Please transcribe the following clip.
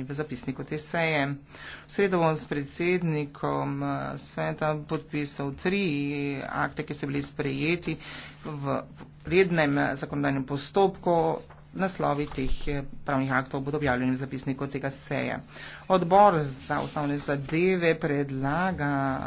v zapisniku te seje. V sredo bom s predsednikom eh, sveta podpisal tri akte, ki so bili sprejeti v rednem eh, zakonodajnem postopku. Naslovi teh eh, pravnih aktov bodo objavljeni v zapisniku tega seje. Odbor za ustavne zadeve predlaga.